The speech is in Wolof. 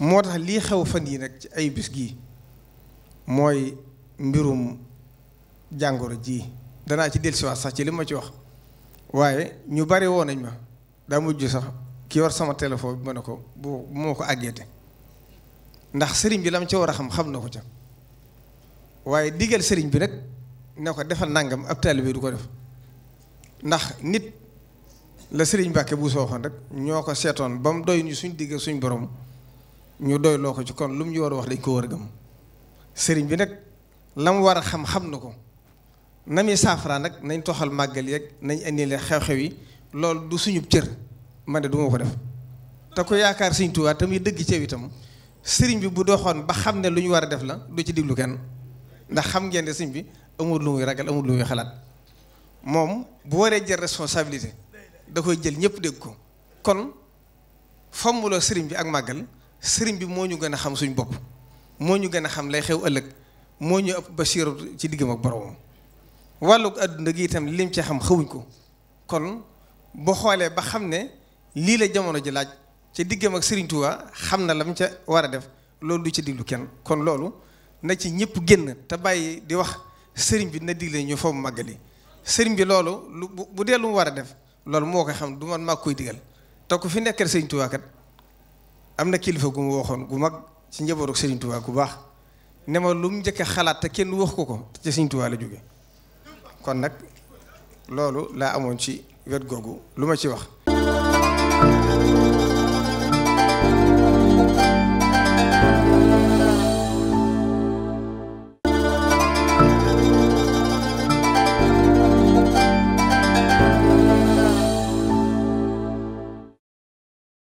moo tax lii xew fan yii nag ci ay bis gii mooy mbirum jàngoro ji danaa ci dellusiwaat sax ci li ma ci wax waaye ñu bari woo nañ ma daa mujj sax ki war sama téléphone bi ma ne ko bu moo ko àggeete ndax sëriñ bi lam ca war a xam xam na ko ca waaye diggal sëriñ bi nag ne ko defal nangam ab taalibe du ko def ndax nit la sëriñ Mbàkke bu sooxoon rek ñoo ko seetoon ba mu doy ñu suñ digal suñ borom ñu doy loo ko ci kon lu mu ñu war a wax dañ ko war a gëm sëriñ bi nag la mu war a xam xam na ko na muy saafara nag nañ toxal màggal yeeg nañ indilee xew-xew yi loolu du suñu cër ma ne du ko def te ko yaakaar Sëriñ Tuubaa tamit dëgg ceeb itam sëriñ bi bu doxoon ba xam ne lu ñu war a def la du ci diglu kenn ndax xam ngeen ne sëriñ bi amul lu muy ragal amul lu muy xalaat moom bu waree jël responsabilité da koy jël ñëpp dégg ko kon fommuloo sëriñ bi ak màggal. sëriñ bi moo ñu gën a xam suñ bopp moo ñu gën a xam lay xew ëllëg moo ñu ëpp basiir ci diggam ak boromam wàllu àdduna gi itam lim ci xam xawuñ ko kon boo xoolee ba xam ne lii la jamono ji laaj ca diggam ak sëriñ Tuubaa xam na lam ca war a def loolu du ci diglu kenn kon loolu na ci ñëpp génn te bàyyi di wax sëriñ bi na digle ñu foofu màggali sëriñ bi loolu lu bu dee lu mu war a def loolu moo koy xam du man maa koy digal te ku fi nekkal sëriñ Tuubaa kat am na kilifa gu mu waxoon gu mag ci njabootu Serigne Touba ku baax ne ma lu mu njëkk a xalaat te kenn wax ko ko te Serigne Touba la jóge kon nag loolu laa amoon ci wet googu lu ma ci wax.